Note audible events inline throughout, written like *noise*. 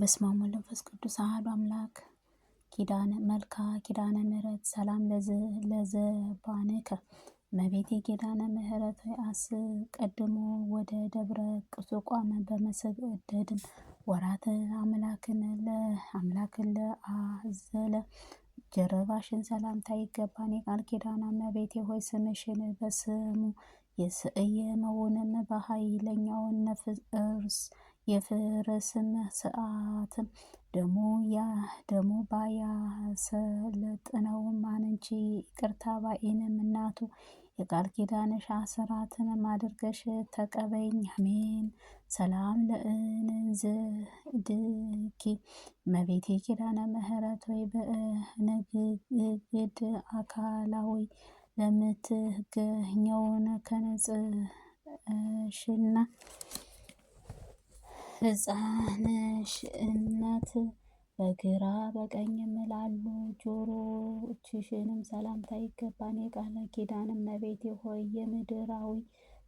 በስመ አብ ወመንፈስ ቅዱስ አሐዱ አምላክ ኪዳነ መልካ ኪዳነ ምሕረት ሰላም ለዘባንከ መቤቴ ኪዳነ ምሕረት ቀድሞ ወደ ደብረ ቁስቋም በመሰደድም ወራት አምላክን ለአምላክን ለአዘለ ጀርባሽን ሰላምታ ይገባን። የቃል ኪዳን እመቤቴ ሆይ ስምሽን በስሙ የስእየመውንም በኃይለኛውን ነፍስ እርስ የፍርስም ሰዓትም ደሞ ያ ደሞ ባያ ማን እንጂ ቅርታ ባይንም እናቱ የቃል ኪዳንሽ አስራትን አድርገሽ ተቀበይኝ አሜን። ሰላም ለእንዝድኪ መቤቴ ኪዳነ ምሕረት ወይ በንግግድ አካላዊ ለምትገኘውን ከነጽሽና ህፃንሽ እናት በግራ በቀኝ ምላሉ ጆሮችሽንም ሰላምታ ይገባን። የቃለ ኪዳንም መቤቴ ሆይ የምድራዊ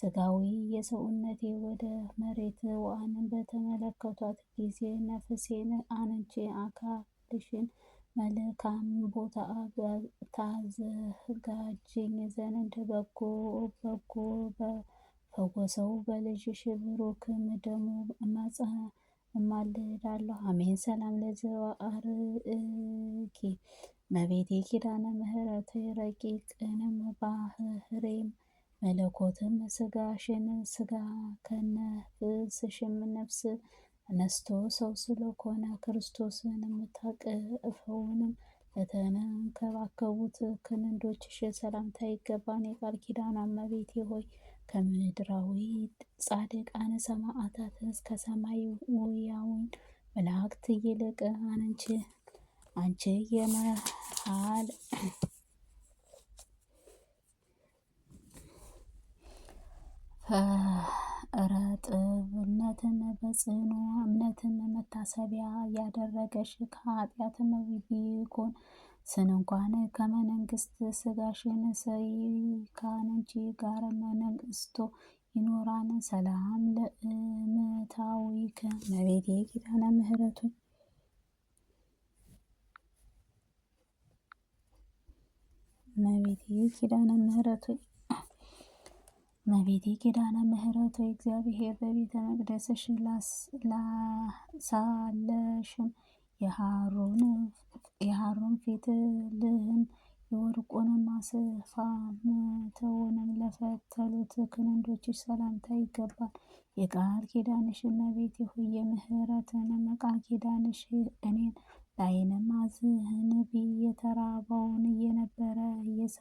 ስጋዊ የሰውነቴ ወደ መሬት ዋንን በተመለከቷት ጊዜ ነፍሴን አነቼ አካልሽን መልካም ቦታ ታዘጋጅኝ ዘንድ በጎ በጎ ፈወሰው በልጅሽ ብሩክ ደሙ እማልዳለሁ። አሜን። ሰላም አርኪ መቤቴ ኪዳነ ምሕረት ረቂቅንም ባህሬም መለኮትም ስጋሽን ስጋ ከነፍስሽም ነፍስ አነስቶ ሰው ስለሆነ ክርስቶስን የምታቀፈውንም ለተንከባከቡት ክንዶችሽ ሰላምታ ይገባን። የቃል ኪዳን እመቤቴ ሆይ ከምድራዊ ጻድቃነ ሰማዕታት እስከ ሰማያዊውን መላእክት ይልቅ አንቺ አንቺ የመሃል ረጥብነትን በጽኑ እምነትን መታሰቢያ ያደረገሽ ከኃጢአት መቢጎን ስንኳን ከመንግስት ስጋሽን ሰይ ካንቺ ጋር መንግስቶ ይኖራን ሰላም ለእምታዊከ መቤቴ ኪዳነ ምህረቱ መቤቴ ኪዳነ ምህረቱ መቤቴ ኪዳነ ምህረቱ እግዚአብሔር በቤተ መቅደስሽ ላሳለሽን የሃሩን ፊት ልህን የወርቁንም አስፋ መተውንም ለፈተሉት ክንዶችሽ ሰላምታ ይገባል። የቃል ኪዳንሽ እመቤቴ ሆይ የምህረትንም ቃል ኪዳንሽ እኔን ማዝህን አዝህንቢ የተራበውን የነበረ የሳ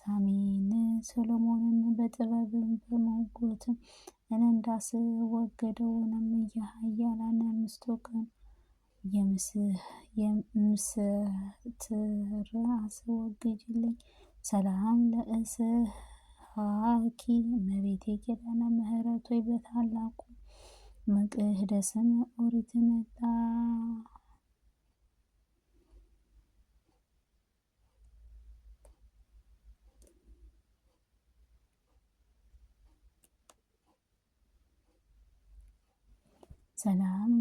ሳሚን ሰሎሞንን በጥበብን በሞጎትም እንዳስወገደውንም የሀያላን ምስቶ ቀን የምስትር አስወግጅልኝ። ሰላም ለእስሃኪ እመቤቴ ኪዳነ ምሕረት ሆይ በታላቁ መቅደስም ኦሪትን ሰላም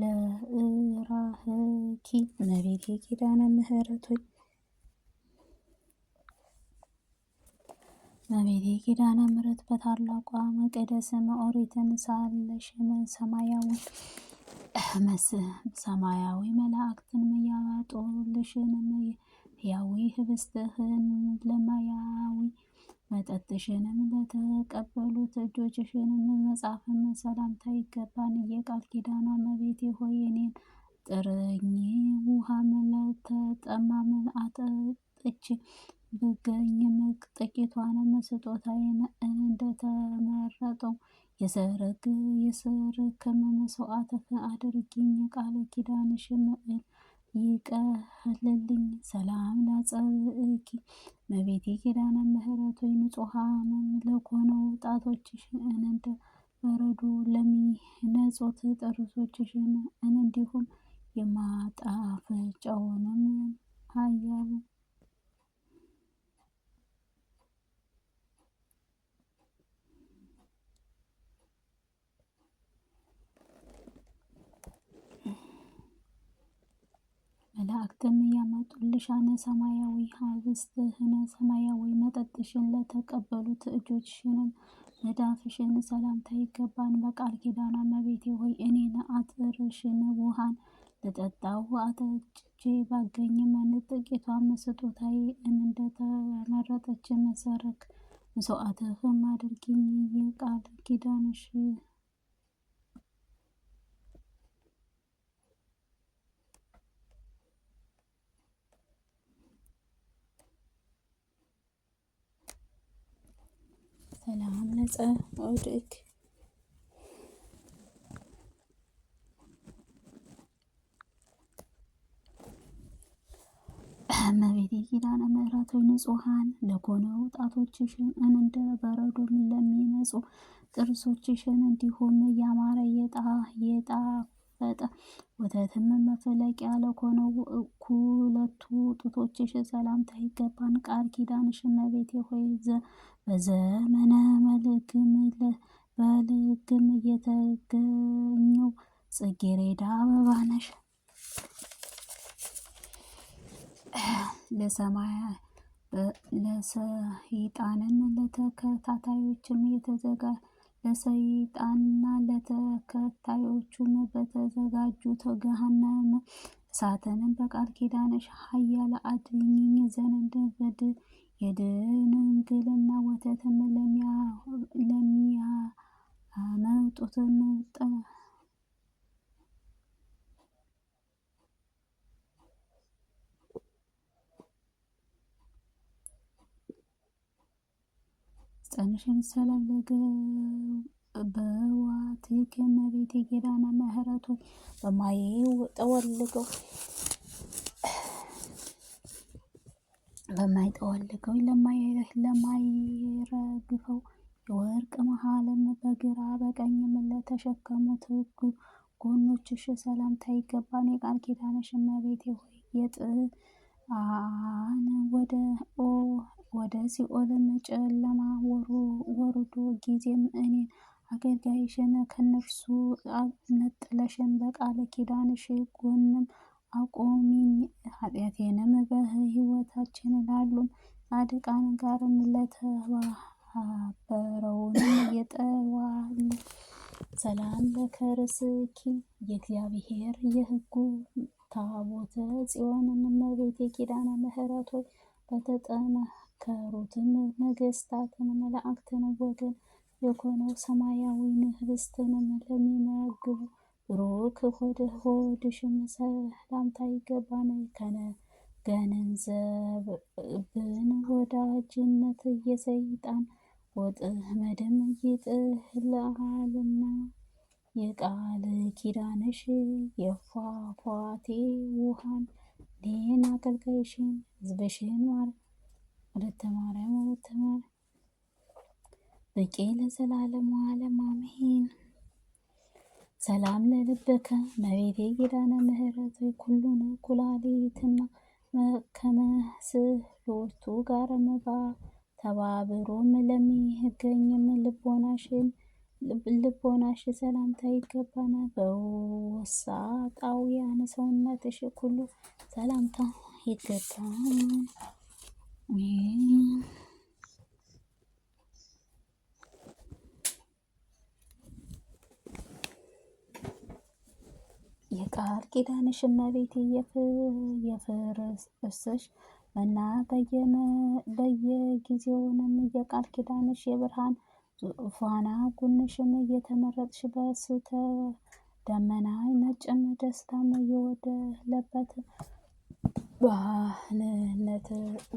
ለእራህኪ እመቤቴ ኪዳነ ምሕረት ሆይ እመቤቴ ኪዳነ ምሕረት በታላቋ መቅደስ ኦሪትን ሳለሽን ሰማያዊ መስ ሰማያዊ መላእክትን ያመጡልሽን ሕያዊ ህብስትህን ለማያዊ መጠጥሽንም ለተቀበሉት እጆችሽንም መጽሐፍም ሰላምታ ይገባን። የቃል ኪዳኗ መቤቴ ሆይ እኔን ጥረኝ። ውሃም ለተጠማም አጠጥቼ ብገኝም ጥቂቷንም ስጦታዬን እንደተመረጠው የሰርግ የሰርክም መስዋዕት አድርጊኝ። ቃል ኪዳንሽም ይጠህልልኝ ሰላም ላጸብእኪ መቤቴ ኪዳነ ምሕረት ወይ ንጹሐን ለኮነው ጣቶችሽን እንደ በረዶ ለሚነጹት ጥርሶችሽን እንዲሁም የማጣፈጫውንም ኃያል መጠጥም ያመጡልሻን ሰማያዊ ኅብስትህን ሰማያዊ መጠጥሽን ለተቀበሉት እጆችሽንም መዳፍሽን ሰላምታ ይገባን። በቃል ኪዳና መቤቴ ሆይ እኔን አጥርሽን ውሃን ለጠጣው አጠጭቼ ባገኝም ጥቂቷም ስጦታዬ እንደተመረጠች መሰረክ መስዋዕትህም አድርጊኝ የቃል ኪዳንሽ ተለሃነፀ ውድግ እመቤቴ ኪዳነ ምሕረት ሆይ ንጹሐን ለሆነ ወጣቶችሽን እንደ በረዶ ለሚነጹ ጥርሶችሽን እንዲሁም እያማረ የጣ የጣ ተገለጠ። ወተትም መፍለቂያ ለሆነው ሁለቱ ጡቶችሽ ሰላምታ ይገባን። ቃል ኪዳንሽ እመቤቴ ሆይ በዘመነ መልግም በልግም እየተገኘው ጽጌሬዳ አበባ ነሽ ለሰማያ ለሰይጣንን ለተከታታዮችም የተዘጋ ለሰይጣንና ለተከታዮቹም በተዘጋጁት ገሃነመ እሳትንም በቃል ኪዳንሽ ኃያል አድኝኝ ዘንድ በድ የድንግልና ወተትም ለሚያመጡትን ጽንሽን ስለለገው በዋትክ እመቤቴ ጌዳነ ምሕረቱ በማየ ጠወልገው *clears throat* በማይጠወልገው ለማይረግፈው የወርቅ መሃልም በግራ በቀኝም ለተሸከሙት ጎኖችሽ ሰላምታ ይገባን። የቃል ኪዳንሽ እመቤቴ ሆይ አን ወደ ኦ ወደ ሲኦልም ጨለማ ወርዶ ጊዜም እኔን አገልጋይሽን ከነርሱ ነጥለሽን በቃለ ኪዳንሽ ጎንም አቆሚኝ። ኃጢአቴንም በሕይወታችን ላሉም አድቃን ጋርም ለተባበረውን የጠዋል ሰላም ለከርስኪ የእግዚአብሔር የሕጉ ታቦተ ጽዮንን እመቤቴ ኪዳነ ምሕረት በተጠና ከሩትም ነገስታትን መላእክትን ወገን የኮነው ሰማያዊን ህብስትን ለሚመግቡ ብሩክ ሆድ ሆድሽም ሰላምታ ይገባን ከነ ገንዘብ ብን ወዳጅነት የሰይጣን ወጥ መድም ይጥልሃልና የቃል ኪዳንሽ የፏፏቴ ውሃን ሌን አገልጋይሽን ህዝብሽን ማር ወለተ ማርያም ወለተ ማርያም በቂ ለዘላለም ዓለም አሜን። ሰላም ለልበከ መቤቴ ኪዳነ ምሕረት ኩሉነ ኩላሊትና ከመስሎቱ ጋር መባ ተባብሮም ለሚገኝም ልቦናሽን ልቦናሽ ሰላምታ ይገባና በውሳጣውያን ሰውነትሽ ሁሉ ሰላምታ ይገባል። የቃል ኪዳንሽ እመቤቴ የፍቅር ጥርስሽ እና በየጊዜውንም የቃል ኪዳንሽ የብርሃን ዙፋና ጉንሽም እየተመረጥሽ በስተ ደመና ነጭም ደስታም የወደለበት ባህንነት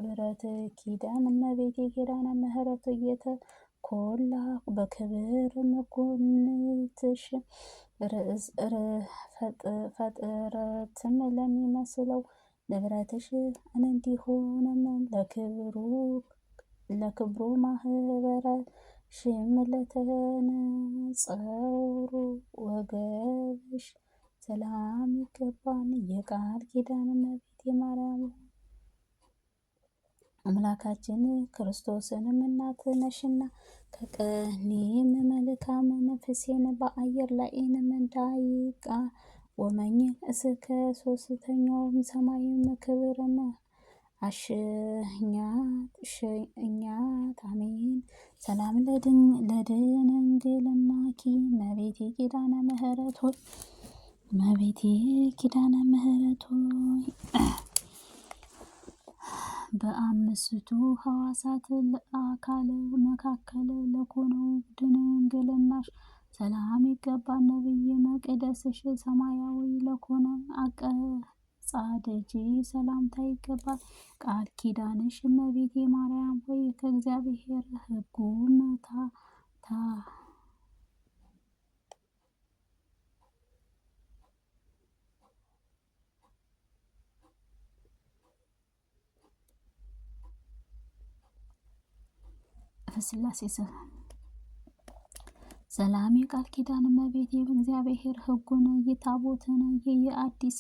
ብረት ኪዳነ እመቤቴ ኪዳነ ምሕረት እየተኮላ በክብር መጎንትሽ ርዕስ ፈጥረትም ለሚመስለው ንብረትሽ እንዲሆንም ለክብሩ ለክብሩ ማህበረ ሽምለተነጸሩ ወገብሽ ሰላም ይገባን የቃል ኪዳን እመቤቴ የማርያም አምላካችን ክርስቶስንም እናት ነሽና ከቀኔም መልካም መንፈሴን በአየር ላይንም እንዳይቃ ወመኝ እስከ ሶስተኛውም ሰማይም ክብርም አሽኛት አሜን። ሰላም ለድን ለድንግልና ኪ መቤቴ ኪዳነ ምሕረት ሆይ መቤቴ ኪዳነ ምሕረቱ በአምስቱ ሐዋሳት ለአካለ መካከለ ለኮነው ድንግልናሽ ሰላም ይገባል። መቅደስ መቅደስሽ ሰማያዊ ለኮነ አቀጻደጂ ሰላምታ ይገባል። ቃል ኪዳንሽ እመቤቴ ማርያም ሆይ ከእግዚአብሔር ሕጉ መታ ከስላሴ ስላሴ ሰላም የቃል ኪዳን እመቤት እግዚአብሔር ሕጉን የታቦትን የአዲስ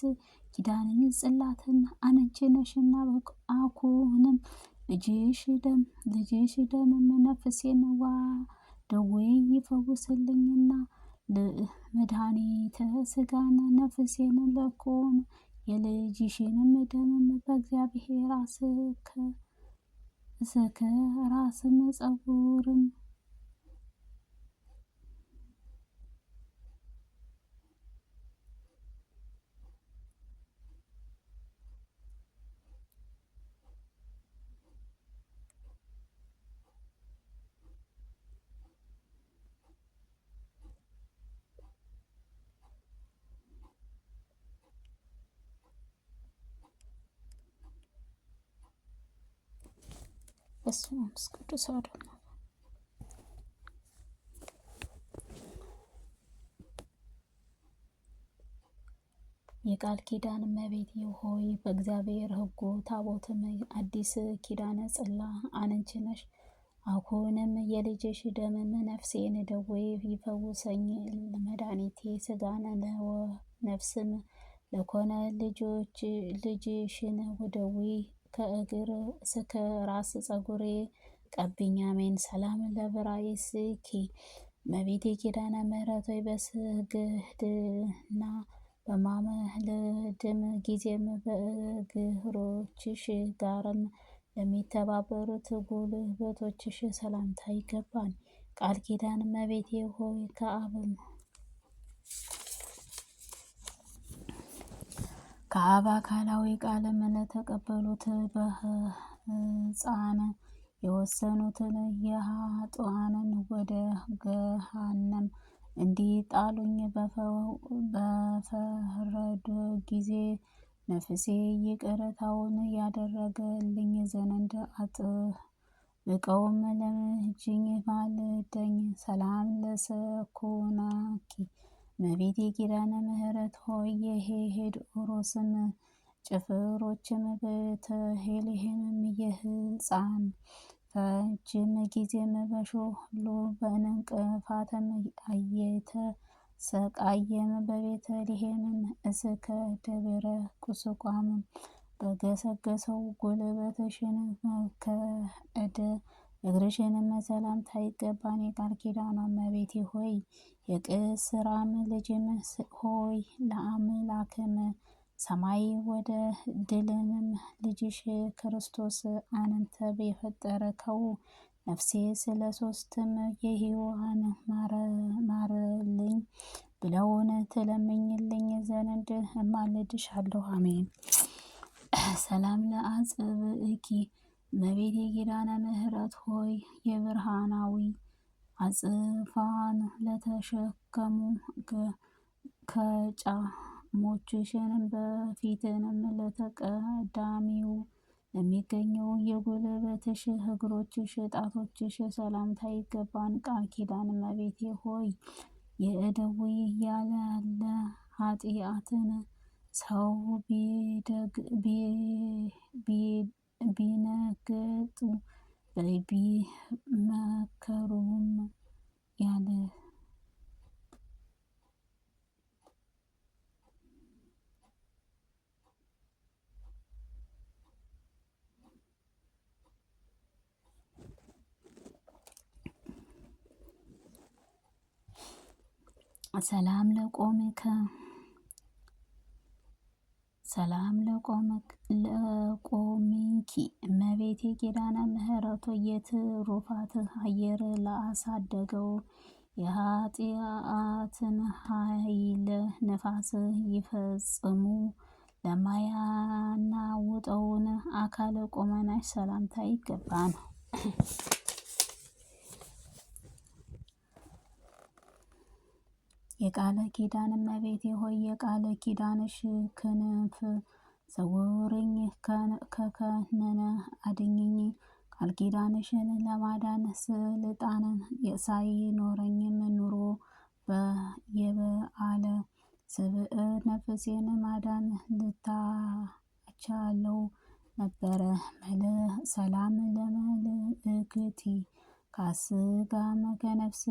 ኪዳንን ጽላትን አነች ነሽና አኩንም ልጅሽ ደም ልጅሽ ደም ነፍሴን ዋ ደዌ ይፈውስልኝና መድኃኒተ ስጋን ነፍሴን ለኮን የልጅሽንም ደምም በእግዚአብሔር አስከ እስከ ራስም ፀጉርም በስመ አብ ወመንፈስ ቅዱስ አሐዱ አምላክ የቃል ኪዳን እመቤት ሆይ በእግዚአብሔር ሕጉ ታቦትም አዲስ ኪዳነ ጽላ አንቺ ነሽ። አሁንም የልጅሽ ደምም ነፍሴን ደዌ ይፈውሰኝ መድኃኒቴ ስጋን ነፍስም ለኮነ ልጆች ልጅሽን ደዌ ከእግር እስከ ራስ ፀጉሬ ቀብኛሜን ሰላም ለብራይስኪ መቤቴ ኪዳነ ምሕረት ሆይ በስግድና በማምለድም ጊዜም በእግሮችሽ ጋርም ለሚተባበሩት ጉልበቶችሽ ሰላምታ ይገባል። ቃል ኪዳን መቤቴ ሆይ ከአብም ከአብ አካላዊ ቃለ ተቀበሉት በሕፃነ የወሰኑትን የኃጥአንን ወደ ገሃነም እንዲጣሉኝ በፈረዱ ጊዜ ነፍሴ ይቅርታውን ያደረገልኝ ዘንድ አጥብቀውም ለምጅኝ ማልደኝ። ሰላም ለሰኮናኪ መቤቴ ኪዳነ ምሕረት ሆይ የሄሄድ ኦሮስም ጭፍሮችም በተሄልሄምም የህፃን ፈጅም ጊዜም በሾሉ በእንቅፋትም አየተ ሰቃየም በቤተልሔምም እስከ ደብረ ቁስቋምም በገሰገሰው ጉልበትሽን መከደ እግርሽንም ሰላምታ ይገባን። የቃል ኪዳኗ እመቤቴ ሆይ የቅስራም ልጅም ሆይ ለአምላክም ሰማይ ወደ ድልንም ልጅሽ ክርስቶስ አንንተብ የፈጠረከው ነፍሴ ስለ ሶስትም የሕያዋን ማርልኝ ብለውን ትለምኝልኝ ዘንድ እማልድሻለሁ። አሜን። ሰላም እኪ እመቤቴ ኪዳነ ምሕረት ሆይ የብርሃናዊ አጽፋን ለተሸከሙ ከጫሞችሽንም በፊትንም ለተቀዳሚው ለሚገኘው የጉልበትሽ እግሮችሽ ጣቶችሽ ሰላምታ ይገባን። ቃል ኪዳን እመቤቴ ሆይ የእደዊ ያለለ ኃጢአትን ሰው ቢደግ بنكت غيبيه مكروم يعني سلام لقومك ሰላም ለቆሚኪ እመቤቴ ኪዳነ ምሕረቶ የትሩፋት አየር ለአሳደገው የኃጢአትን ኃይለ ንፋስ ይፈጽሙ ለማያናውጠውን አካል ቆመናሽ ሰላምታ ይገባ ነው። የቃለ ኪዳን መቤት ሆይ የቃለ ኪዳንሽ ክንፍ ዘውርኝ ከከነነ አድኝኝ። ቃል ኪዳንሽን ለማዳን ስልጣንን ሳይኖረኝም ኑሮ የበአለ ስብእ ነፍሴን ማዳን ልታቻለው ነበረ። መለ ሰላም ለመልእክቲ ካስጋ መከነፍስ